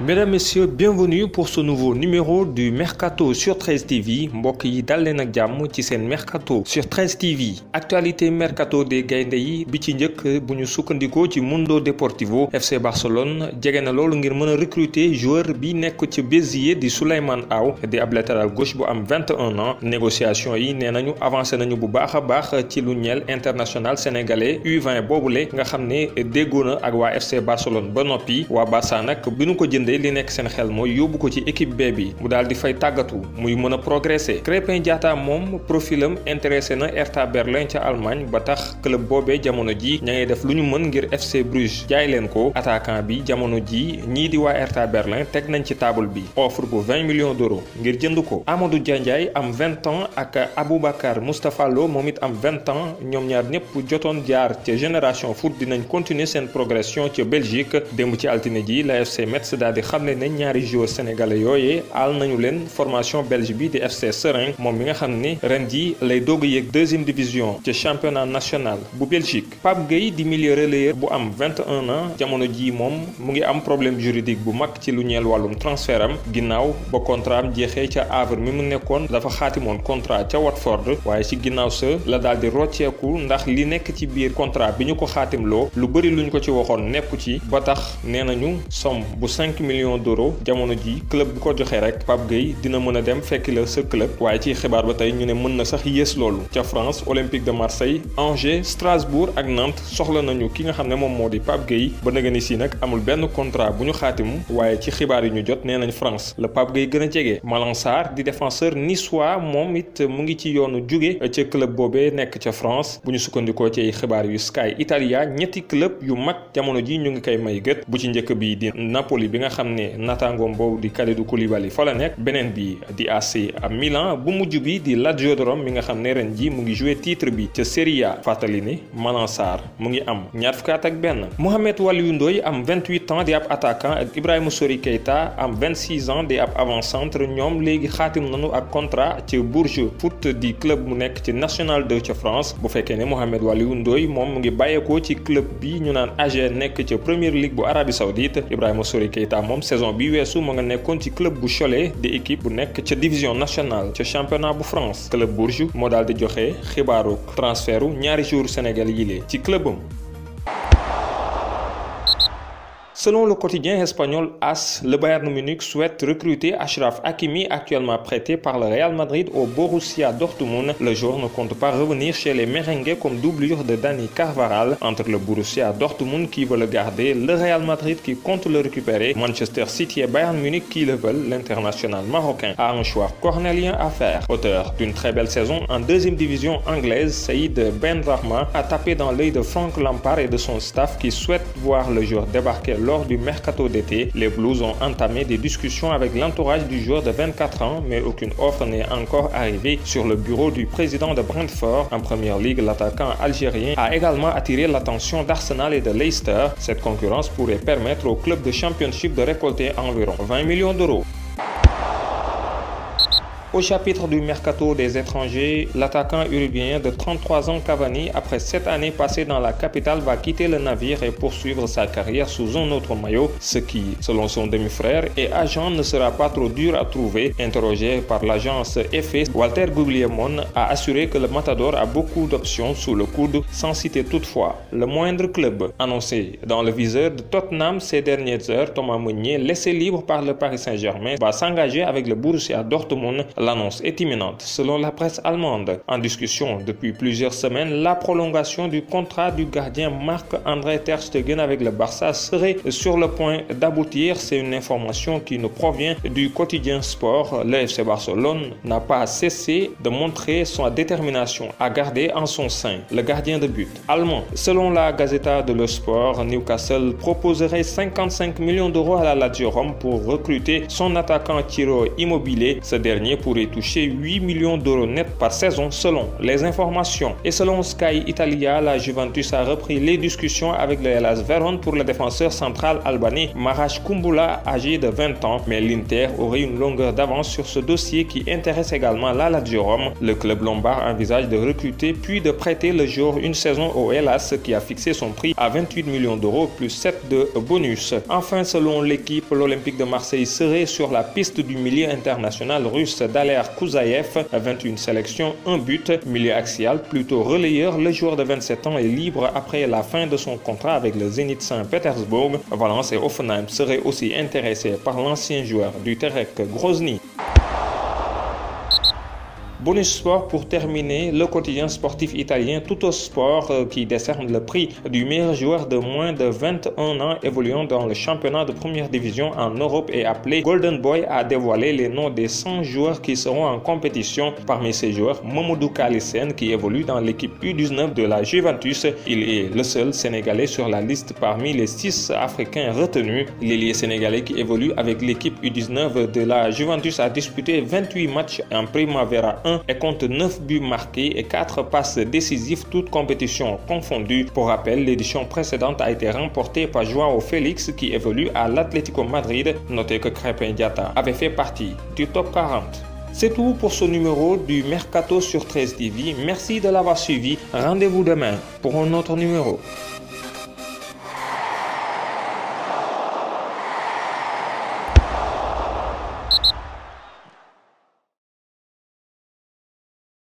Mesdames, Messieurs, bienvenue pour ce nouveau numéro du Mercato sur 13 TV mbokk yi dal leen ak ci Mercato sur 13 TV actualité Mercato des gaynde yi bi ci njëkk bu ci Mundo Deportivo FC Barcelone jege na loolu ngir recruter joueur bi nekk ci Béziers di Souleymane Aw di ab gauche bu am 21 ans négociation yi nee avancé nañu bu baax a baax ci lu international sénégalais U20 boobule nga xam ne ak FC Barcelone ba noppi waa Barça nag ko de li nekk seen xel mooy yóbbu ko ci équipe B bi mu daal di fay tàggatu muy mën a progresser Crépin Diatta moom profilam intéressé na Hertha Berlin ca Allemagne ba tax club boobee jamono ji ña ngay def lu ñu mën ngir FC Bruges jaay leen ko attaquant bi jamono ji ñii di waa Hertha Berlin teg nañ ci table bi offre bu 20 millions d'euros ngir jënd ko Amadou Diandiaye am 20 ans ak Aboubacar Moustapha Lo moom it am 20 ans ñoom ñaar ñëpp jotoon jaar ca Génération Foot dinañ continuer seen progression ca Belgique démb ci altine ji la FC di xam ne ñaari joueurs sénégalais yoyé al nañu leen formation belge bi di FC Serein mom mi nga xamné ne ren jii lay doog a deuxième division ci championnat national bu Belgique Pape Gueye di milieu relayeur bu am 21 ans jamono ji mom mu ngi am problème juridique bu mak ci lu ñël walum transfert am ginnaaw ba contrat am jeexee ci Havre mi mu nekkoon dafa xaatimoon contrat ci Watford waye ci ginnaw sa la dal di rocceku ndax li nekk ci biir contrat bi ñu xatim lo lu bari luñ ko ci waxon nekku ci ba tax nee nañu somme bu 5 millions d'euros jamono ji club bu ko joxee rek Pape Gueye dina mën a dem fekki la sa club waaye ci xibaar ba tey ñu ne mën na sax yées loolu ca France Olympique de Marseille Angers Strasbourg ak Nantes soxla nañu ki nga xam ne moom moo di Pape Gueye ba naga ni si nag amul benn contrat bu ñu xaatimu waaye ci xibaar yi ñu jot nee nañ France la Pape Gueye gën a jege Malang Sarr di ni niçois moom it mu ngi ci yoonu jóge ca club boobee nekk ca France bu ñu sukkandikoo ci xibaar yu Sky Italia ñetti club yu mag jamono ji ñu ngi koy may gët xam ne boobu di Kalidou Koulibaly fa la nekk beneen bi di AC Milan bu mujj bi di Lazio de Rome mi nga xam ne ren ji mu ngi joué titre bi ca Serie A fàttali ni Malang Sarr mu ngi am ñaar fukki at ak benn Mohamed Walyou Ndoye am 28 ans di ab attaquant ak Ibrahima Sori Keita am 26 ans di ab avant-centre ñoom léegi xaatim nanu ak contrat ci Bourges Foot di club mu nekk ci National de ca France bu fekkee ne Mohamed Walyou Ndoye moom mu ngi bàyyeekoo ci club bi ñu naan AG nekk ca Premier League bu Arabie Saoudite Ibrahima Sori Keita Keita moom saison bi weesu mo nga nekkon ci club bu Cholet de équipe bu nekk ci division nationale ci championnat bu France club Bourges mo de di joxe xibaaru transferu ñaari joueurs sénégalais yi ci club Selon le quotidien espagnol AS, le Bayern Munich souhaite recruter Ashraf Hakimi, actuellement prêté par le Real Madrid au Borussia Dortmund. Le joueur ne compte pas revenir chez les Merengues comme doublure de Dani Carvaral. Entre le Borussia Dortmund qui veut le garder, le Real Madrid qui compte le récupérer, Manchester City et Bayern Munich qui le veulent, l'international marocain a un choix cornélien à faire. Auteur d'une très belle saison en deuxième division anglaise, Saïd Ben Varma a tapé dans l'œil de Frank Lampard et de son staff qui souhaitent voir le joueur débarquer lors du mercato d'été, les Blues ont entamé des discussions avec l'entourage du joueur de 24 ans, mais aucune offre n'est encore arrivée sur le bureau du président de Brentford. En première ligue, l'attaquant algérien a également attiré l'attention d'Arsenal et de Leicester. Cette concurrence pourrait permettre au club de championship de récolter environ 20 millions d'euros. Au chapitre du mercato des étrangers, l'attaquant uruguayen de 33 ans Cavani, après 7 années passées dans la capitale, va quitter le navire et poursuivre sa carrière sous un autre maillot, ce qui, selon son demi-frère et agent, ne sera pas trop dur à trouver. Interrogé par l'agence EFE, Walter Guglielmon a assuré que le Matador a beaucoup d'options sous le coude, sans citer toutefois le moindre club. Annoncé dans le viseur de Tottenham ces dernières heures, Thomas Meunier, laissé libre par le Paris Saint-Germain, va s'engager avec le Borussia Dortmund L'annonce est imminente selon la presse allemande. En discussion depuis plusieurs semaines, la prolongation du contrat du gardien Marc-André Ter Stegen avec le Barça serait sur le point d'aboutir. C'est une information qui nous provient du quotidien sport. Le FC Barcelone n'a pas cessé de montrer son détermination à garder en son sein le gardien de but allemand. Selon la Gazeta de Le Sport, Newcastle proposerait 55 millions d'euros à la Lazio Rome pour recruter son attaquant Tiro Immobilier. Ce dernier pour pourrait toucher 8 millions d'euros net par saison selon les informations. Et selon Sky Italia, la Juventus a repris les discussions avec le Hellas Veron pour le défenseur central albanais Marash Kumbula, âgé de 20 ans. Mais l'Inter aurait une longueur d'avance sur ce dossier qui intéresse également la Lazio Le club lombard envisage de recruter puis de prêter le jour une saison au Hellas qui a fixé son prix à 28 millions d'euros plus 7 de bonus. Enfin, selon l'équipe, l'Olympique de Marseille serait sur la piste du milieu international russe Daler Kouzaïev, 21 sélections, 1 but. Milieu axial, plutôt relayeur, le joueur de 27 ans est libre après la fin de son contrat avec le Zénith Saint-Pétersbourg. Valence et Offenheim seraient aussi intéressés par l'ancien joueur du Terek Grozny. Bonus sport pour terminer, le quotidien sportif italien au Sport euh, qui décerne le prix du meilleur joueur de moins de 21 ans évoluant dans le championnat de première division en Europe et appelé Golden Boy a dévoilé les noms des 100 joueurs qui seront en compétition. Parmi ces joueurs, Mamoudou Kalisen qui évolue dans l'équipe U19 de la Juventus. Il est le seul Sénégalais sur la liste parmi les 6 Africains retenus. L'ailier sénégalais qui évolue avec l'équipe U19 de la Juventus a disputé 28 matchs en Primavera et compte 9 buts marqués et 4 passes décisives, toutes compétitions confondues. Pour rappel, l'édition précédente a été remportée par Joao Félix qui évolue à l'Atlético Madrid. Notez que Crepe Indiata avait fait partie du top 40. C'est tout pour ce numéro du Mercato sur 13 TV. Merci de l'avoir suivi. Rendez-vous demain pour un autre numéro.